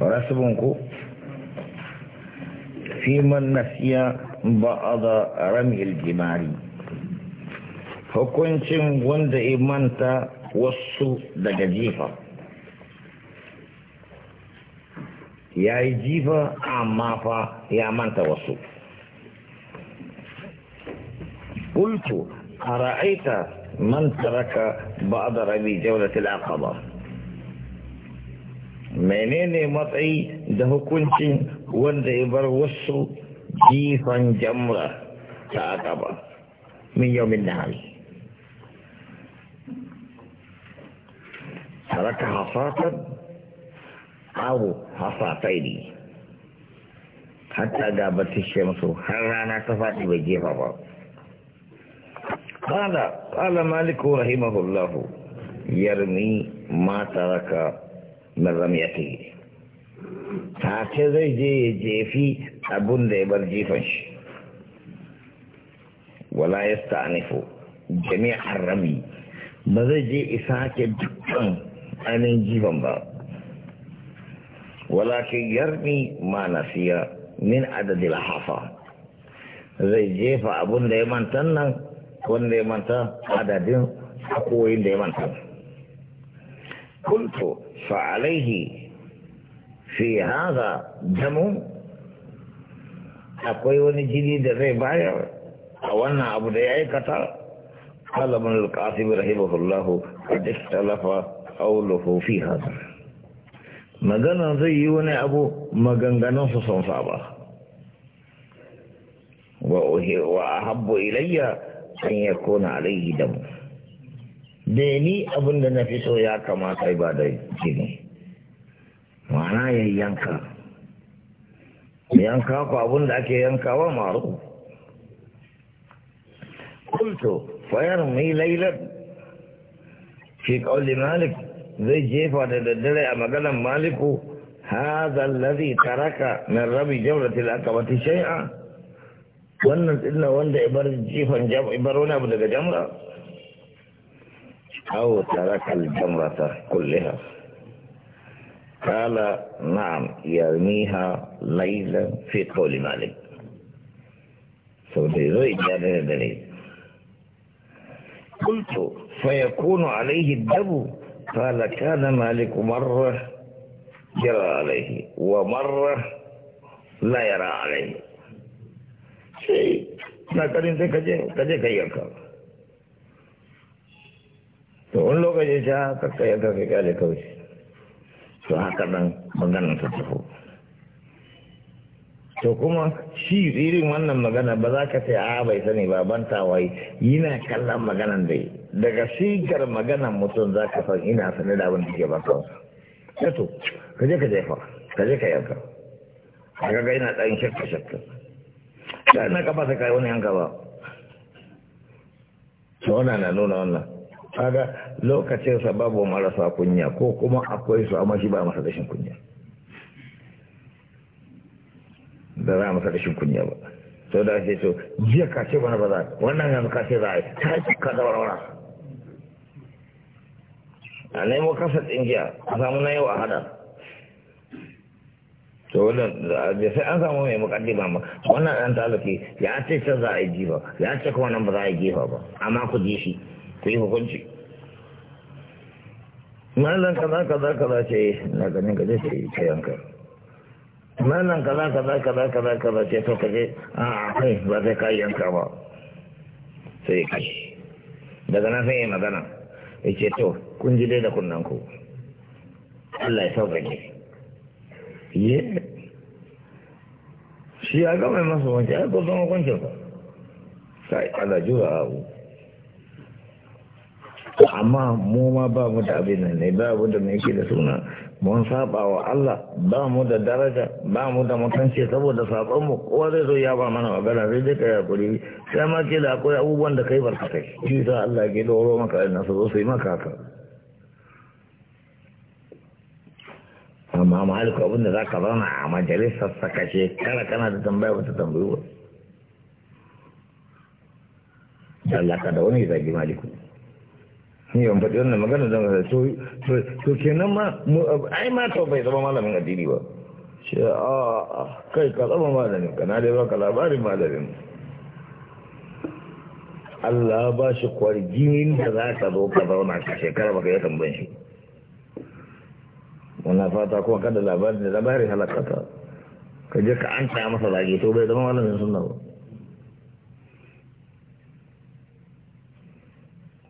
رسبونكو في من نسي بعض رمي الجمال حكمتم وند إيمانتا وصو دجا يا جيفا أما فا يا مانتا وصو قلت أرأيت من ترك بعض رمي جولة العقبة menene matsayi da hukuncin wanda ya bar wasu jifan jamra ta akaba min yau min nahar taraka hasatar abu hasatai ne hatta ga batun shamsu har rana ta faɗi bai jefa ba قال قال مالك رحمه الله يرمي ما ترك yi ta take zai je ya jefi abun da ya bar jifan shi wala ya sta'anifu jami'ar rami ba zai je isa ke dukkan ainihin jifan ba Wala ke yarmi ma nasiya min adadin hafa zai jefa abun da ya manta nan wanda ya manta adadin hakoyin da ya manta قلت فعليه في هذا دم أقوي ونجدي دري باير أو أن عبد أي قتل قال من القاسم رحمه الله قد اختلف قوله في هذا مغانا زي يوني أبو مغانا نصصن صعبا وأحب إلي أن يكون عليه دم da ni abin da na fi so ya kamata ba da jini ma'ana ya yanka yanka ku abin da ake yanka wa maru kulto fayar mai lailar fi kauli malik zai jefa da daddare a maganan maliku هذا الذي ترك من رمي جمرة العقبة شيئا wannan din wanda ibar jifan ibar wani abu daga jamra أو ترك الجمرة كلها قال نعم يرميها ليلا في قول مالك دليل قلت فيكون عليه الدب قال كان مالك مرة يرى عليه ومرة لا يرى عليه شيء لا تريد تكجي كجي كيركب to wani lokaci ta kakka ya kafa kyale kawai to haka nan maganar ta tafi to kuma shi irin wannan magana ba za ka sai a bai sani ba ban tawaye yana kallon maganan da daga shigar maganan mutum za ka san ina sanar da abin da ke ba kansa ya to ka je ka jefa ka je ka yanka a ga ina ɗan shakka shakka ta na kafa ta kai wani yanka ba to wannan na nuna wannan kaga lokacin sa babu marasa kunya ko kuma akwai su amma shi ba masa rashin kunya da za masa rashin kunya ba sau da ake so jiya ka ce bana ba za wannan yanzu ka ce za a yi ta yi ka da warwara a nemo kasa tsingiya a samu na yau a hada to wannan da sai an samu mai mukaddima ma wannan dan talaki ya ce ta za a yi jifa ya ce kuma nan ba za a yi jifa ba amma ku ji shi ku yi hukunci malan kaza kaza kaza ce na ganin gaje ce ta yanka malan kaza kaza kaza kaza kaza ce to kaje a kai ba sai ka yanka ba sai kai daga nan sai magana yace to kun ji dai da kunnan ku Allah ya sauƙaƙe ye shi ya gama masa wancan ya ko zama kwancin ka sai ala jura abu amma mu ma ba mu da abin nan ne ba mu da mai da suna mun saba wa Allah ba mu da daraja ba mu da mutunci saboda sabon mu kowa zai zo ya ba mana magana sai dai kai hakuri sai ma ke da akwai abubuwan da kai kai shi sa Allah ke doro maka ina su zo su yi maka haka amma maliku abin da za ka zauna a majalisar saka kana kana da tambaya wata tambayuwa. ba Allah ka da wani zagi maliku ni ban faɗi wannan magana don ka to to kenan ma ai ma to bai zama malamin addini ba shi a kai ka zama malamin ka na dai baka labarin malamin Allah ba shi kwarginin da za ka zo ka zauna ka shekara baka yi tambayin shi muna fata kuma kada labarin da labarin halakata ka je ka an ta masa zage to bai zama malamin sunna ba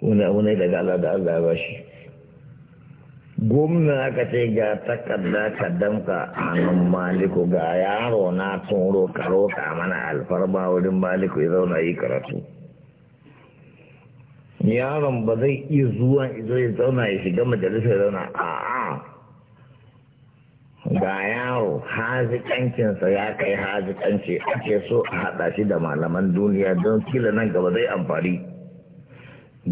wani abu ne daga Allah da Allah ya ba shi gwamna aka ce ga takarda ka damka a nan maliku ga yaro na tun roka roka mana alfarma wurin maliku ya zauna yi karatu yaron ba zai iya zuwa izo ya zauna ya shiga majalisar ya zauna a a ga yaro hazikancinsa ya kai hazikanci ake so a haɗa shi da malaman duniya don kila nan gaba zai amfani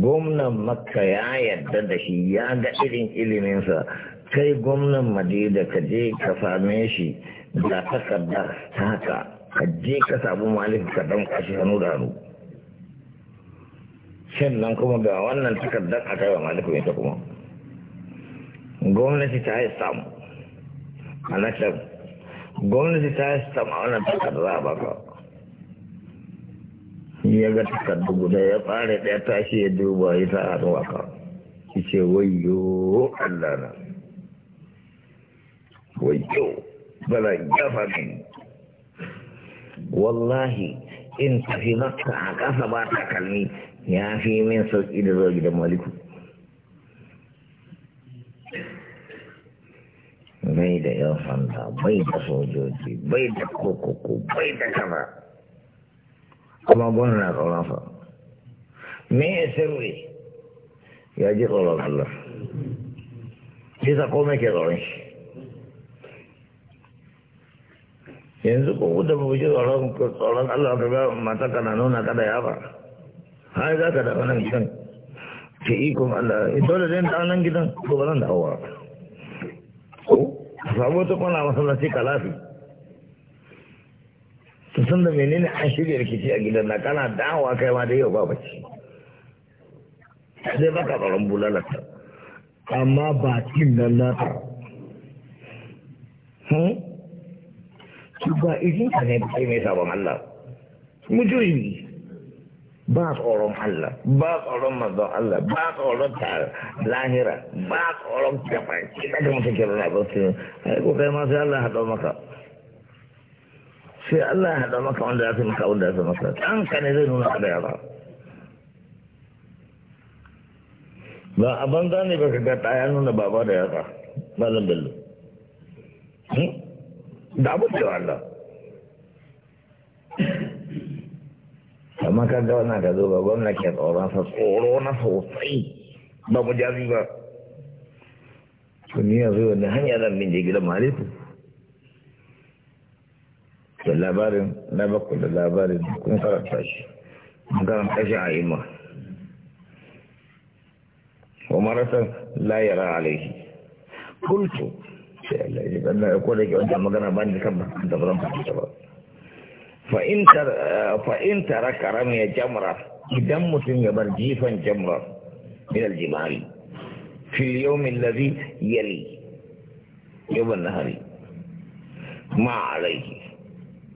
gwamnan makka ya yarda da shi ya ga irin iliminsa kai gwamnan madida ka je ka same shi da takarda ta haka ka je ka samu malif ka dan kwashi hannu da hannu nan kuma ga wannan takardar a kai wa malif ta kuma gwamnati ta yi samu a nasar gwamnati ta yi samu a wannan takardar a baka ya ga takardu guda ya fara ɗaya tashi ya duba ya sa a waka shi ce wayo Allah na wayo bala ya faɗi wallahi in tafi makka a ƙasa ba takalmi ya fi min sauƙi da zuwa gidan maliku bai da yan fanta bai da sojoji bai da kokoko bai da kama kuma gwamna na tsoron fa me ya sirri ya ji tsoron Allah bisa ke tsoron yanzu ko da ba ji tsoron Allah mata kana nuna kada ya ba har za ka da wannan gidan ke ikon Allah dole zai ta nan gidan ko ba nan da hawa ko sabo to kana masallaci kalafi to sun da menene an shirya rikici a gidan na kana dawa kai ma da yau ba bacci sai baka tsaron bulalata amma ba kin nan nata ki hmm? ba irin ka ne kai mai sabon Allah mujrimi ba tsoron Allah ba tsoron manzon Allah ba tsoron ta lahira ba tsoron kafaki da mutum ke rana ba su ko kai ma sai Allah haɗa maka sai Allah ya haɗa maka wanda ya fi maka wanda ya fi maka ɗan ka ne zai nuna ka da yara ba a banza ne ba ka ga ta nuna baba da yara ba zan bello hmm? da abu da Allah amma ka ga wannan ka zo ba gwamna ke tsoron sa tsoro na sosai ba mu jazi ba to ni yanzu wani hanya zan bin je gidan maliku da labarin na bakwai da labarin kun karanta shi karanta shi a imma wa marasa layara alaihi kultu sai Allah ya ji Allah ya kodake wanda magana ba ni kan da ba zan fahimta ba fa'in tara karam ya jamra idan mutum ya bar jifan jamra minal jimari fil yawmin ladhi yali yawan nahari ma alaihi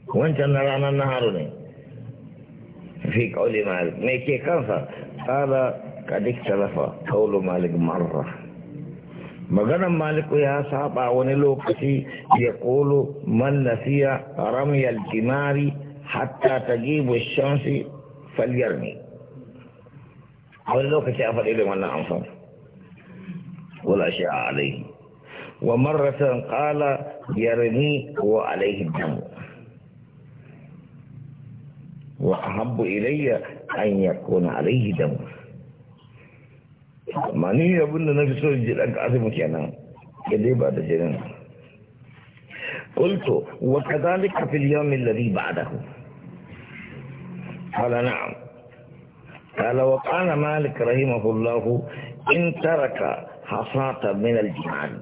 wancan na ranar naharu ne fi kauli malik mai ke kansa tsada tsara kadik talafa kaulu malik marra maganan maliku ya saba wani lokaci ya kolo man nasiya ramyal jimari hatta ta gibu shansi falyar ne wani lokaci a faɗi da wannan amfan wala shi a alaihi wa marratan kala yarmi wa alaihi damu وأحب إلي أن يكون عليه دم ما نيجي أقول لنبي صلى الله عليه وسلم كنا كذي بعد جنان قلت وكذلك في اليوم الذي بعده قال نعم قال وقال مالك رحمه الله إن ترك حصاة من الجمال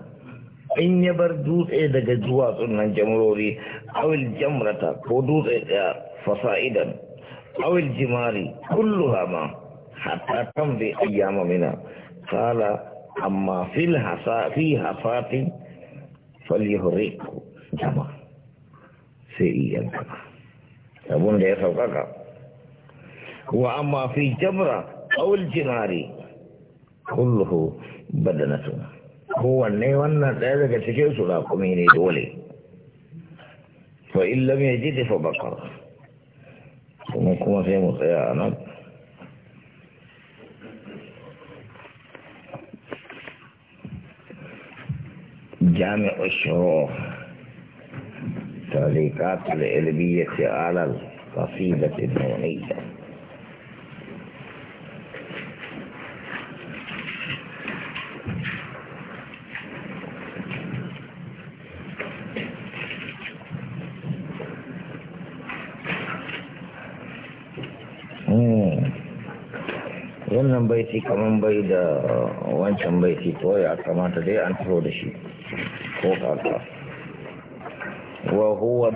إن يبر دوت إيدا جدوات من جمروري أو الجمرة كدوت إيدا فصائدا أو الجماري كلها ما حتى تمضي أيام منا قال أما في الحصى في حصات فليهرقه جمع سيئا كما أبون لي فوقك وأما في جمرة أو الجماري كله بدنة هو الني وانا ذلك تشيء هنا دولي فإن لم يجد فبقر kuma kuma sai جامع الشروح تعليقات العلمية على القصيدة النونية wannan baiti kaman bai da wancan baiti to ya kamata dai an turo da shi ko ka wa huwa